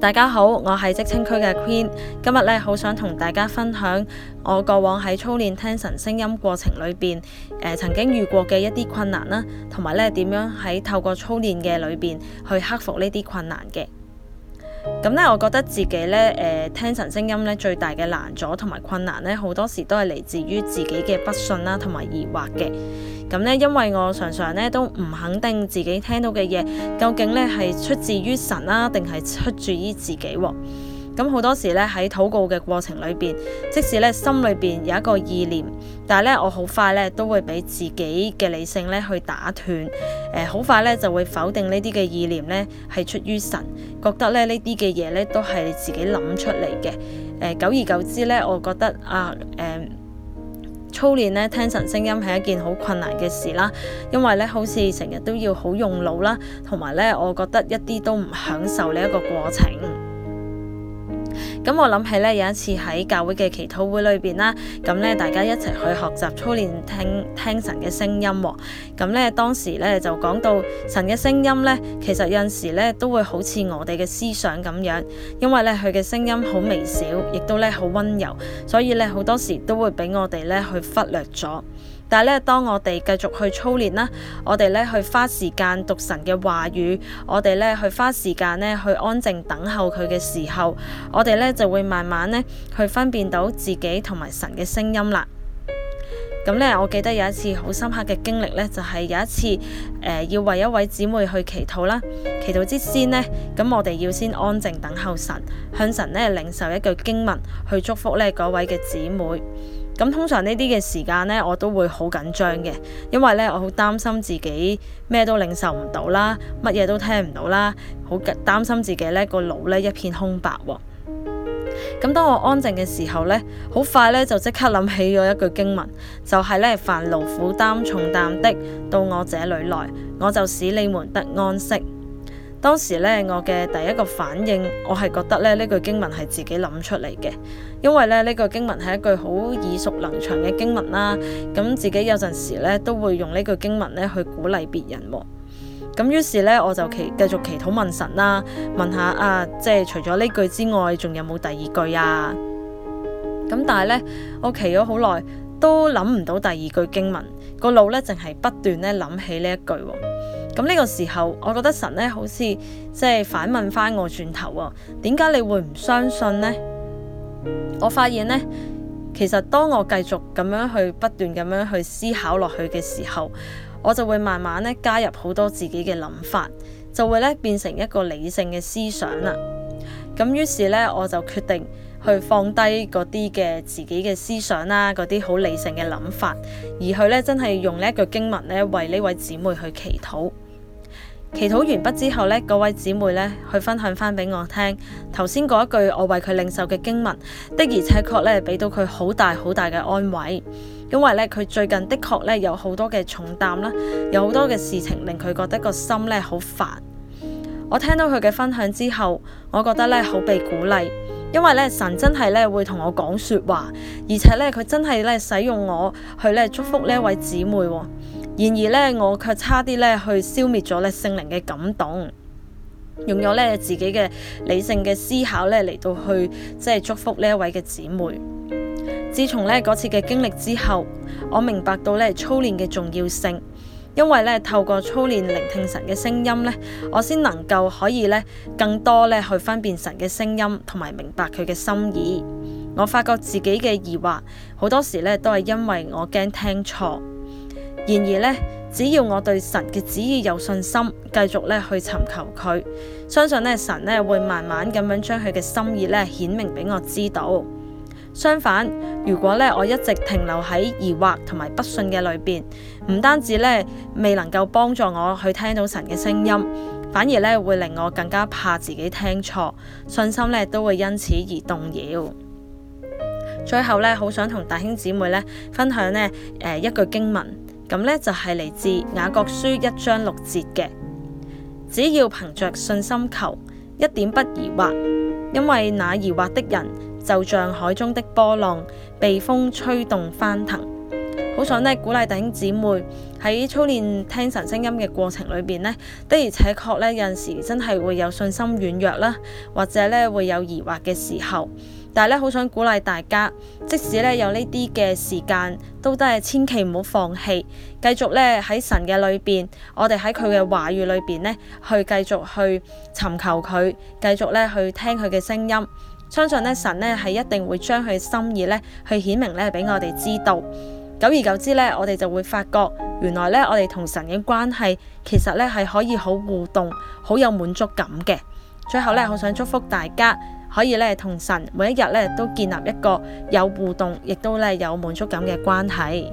大家好，我係職青區嘅 Queenie，今日咧好想同大家分享我過往喺操練聽神聲音過程裏邊誒、呃，曾經遇過嘅一啲困難啦，同埋咧點樣喺透過操練嘅裏邊去克服呢啲困難嘅。咁咧，我覺得自己咧誒、呃，聽神聲音咧最大嘅難阻同埋困難咧，好多時都係嚟自於自己嘅不信啦，同埋疑惑嘅。咁呢，因為我常常咧都唔肯定自己聽到嘅嘢，究竟呢係出自於神啦，定係出自於自己喎。咁好多時咧喺禱告嘅過程裏邊，即使咧心裏邊有一個意念，但係咧我好快咧都會俾自己嘅理性咧去打斷，誒好快咧就會否定呢啲嘅意念咧係出於神，覺得咧呢啲嘅嘢咧都係你自己諗出嚟嘅。誒久而久之咧，我覺得啊，誒、呃。操練咧聽神聲音係一件好困難嘅事啦，因為咧好似成日都要好用腦啦，同埋咧我覺得一啲都唔享受呢一個過程。咁我諗起咧，有一次喺教會嘅祈禱會裏邊啦，咁咧大家一齊去學習操練聽聽神嘅聲音哦。咁咧當時咧就講到神嘅聲音咧，其實有陣時咧都會好似我哋嘅思想咁樣，因為咧佢嘅聲音好微小，亦都咧好溫柔，所以咧好多時都會俾我哋咧去忽略咗。但係咧，當我哋繼續去操練啦，我哋咧去花時間讀神嘅話語，我哋咧去花時間咧去安靜等候佢嘅時候，我哋咧就會慢慢咧去分辨到自己同埋神嘅聲音啦。咁咧，我記得有一次好深刻嘅經歷咧，就係、是、有一次誒、呃、要為一位姊妹去祈禱啦。祈禱之先呢，咁我哋要先安靜等候神，向神咧領受一句經文去祝福嗰位嘅姊妹。咁通常呢啲嘅時間呢，我都會好緊張嘅，因為呢，我好擔心自己咩都領受唔到啦，乜嘢都聽唔到啦，好擔心自己呢個腦呢一片空白喎。咁當我安靜嘅時候呢，好快呢就即刻諗起咗一句經文，就係呢：「凡勞苦擔重擔的到我這裏來，我就使你們得安息。當時咧，我嘅第一個反應，我係覺得咧呢句經文係自己諗出嚟嘅，因為咧呢句經文係一句好耳熟能詳嘅經文啦。咁自己有陣時咧都會用呢句經文咧去鼓勵別人喎。咁於是咧我就祈繼續祈禱問神啦，問下啊，即係除咗呢句之外，仲有冇第二句啊？咁但係咧，我祈咗好耐。都諗唔到第二句經文，個腦咧淨係不斷咧諗起呢一句哦。咁呢個時候，我覺得神咧好似即係反問翻我轉頭啊哦，「點解你會唔相信呢？」我發現呢，其實當我繼續咁樣去不斷咁樣去思考落去嘅時候，我就會慢慢咧加入好多自己嘅諗法，就會咧變成一個理性嘅思想啦。咁於是咧，我就決定。去放低嗰啲嘅自己嘅思想啦、啊，嗰啲好理性嘅諗法，而佢咧真係用呢一句經文咧為呢位姊妹去祈禱。祈禱完畢之後咧，嗰位姊妹咧去分享翻俾我聽頭先嗰一句我為佢領受嘅經文，的而且確咧俾到佢好大好大嘅安慰，因為咧佢最近的確咧有好多嘅重擔啦，有好多嘅事情令佢覺得個心咧好煩。我聽到佢嘅分享之後，我覺得咧好被鼓勵。因為咧神真係咧會同我講說話，而且咧佢真係咧使用我去咧祝福呢一位姊妹。然而咧我卻差啲咧去消滅咗咧聖靈嘅感動，用咗咧自己嘅理性嘅思考咧嚟到去即係祝福呢一位嘅姊妹。自從咧嗰次嘅經歷之後，我明白到咧操練嘅重要性。因為咧透過操練聆聽神嘅聲音咧，我先能夠可以咧更多咧去分辨神嘅聲音，同埋明白佢嘅心意。我發覺自己嘅疑惑好多時咧都係因為我驚聽錯。然而咧，只要我對神嘅旨意有信心，繼續咧去尋求佢，相信咧神咧會慢慢咁樣將佢嘅心意咧顯明俾我知道。相反，如果咧我一直停留喺疑惑同埋不信嘅裏邊，唔單止咧未能夠幫助我去聽到神嘅聲音，反而咧會令我更加怕自己聽錯，信心咧都會因此而動搖。最後咧，好想同弟兄姊妹咧分享呢誒、呃、一句經文，咁咧就係、是、嚟自雅各書一章六節嘅，只要憑着信心求，一點不疑惑，因為那疑惑的人。就像海中的波浪被風吹動翻騰，好想呢鼓勵弟兄姊妹喺操練聽神聲音嘅過程裏邊呢，的而且確呢有陣時真係會有信心軟弱啦，或者呢會有疑惑嘅時候，但係呢好想鼓勵大家，即使呢有呢啲嘅時間，都都係千祈唔好放棄，繼續呢喺神嘅裏邊，我哋喺佢嘅話語裏邊呢去繼續去尋求佢，繼續呢去聽佢嘅聲音。相信咧，神咧係一定會將佢心意咧，去顯明咧俾我哋知道。久而久之咧，我哋就會發覺，原來咧我哋同神嘅關係，其實咧係可以好互動、好有滿足感嘅。最後咧，好想祝福大家，可以咧同神每一日咧都建立一個有互動，亦都咧有滿足感嘅關係。